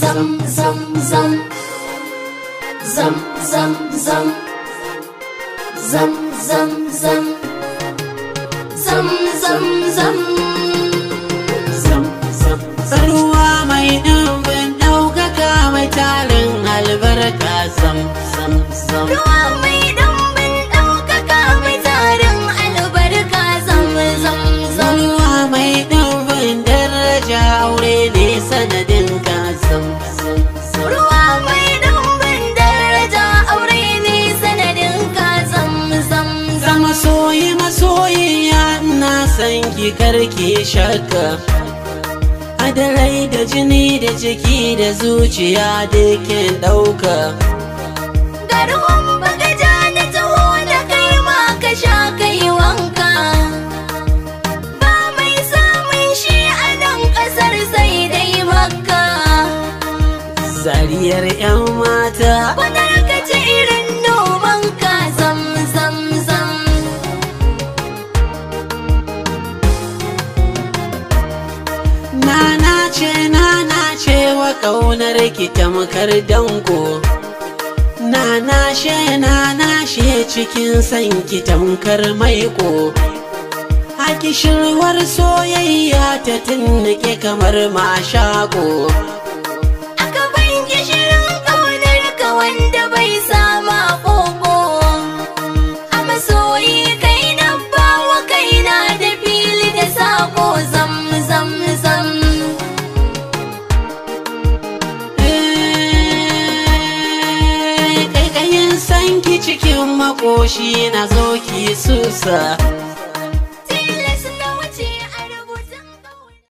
dăm dăm dăm dăm dăm dăm dăm dăm dăm dăm dăm dăm dăm dăm ruwa mai ɗumbin ɗaukaka mai tarin albarka zam zam zam ruwa mai ɗumbin ɗaukaka mai tarin albarka zam zam zam ruwa mai ɗumbin daraja aure ne sanadin san ki karke shakka a da da jini da jiki da zuciya da ke ɗauka garin bagaja na taho da kai ma ka sha kai wanka ba mai samun shi a nan ƙasar sai dai makka zariyar 'yan mata Kuna ka ce irin ce na ce wa ƙaunar ki tamkar danko na nashe na nashe cikin san ki tamkar maiko a shirwar soyayya ta tunnuke kamar mashako Ki cikin makoshi na zo ki susa